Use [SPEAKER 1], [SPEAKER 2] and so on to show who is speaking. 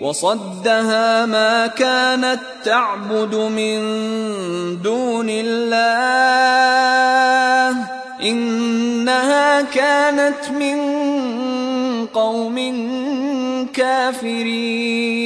[SPEAKER 1] وصدها ما كانت تعبد من دون الله انها كانت من قوم كافرين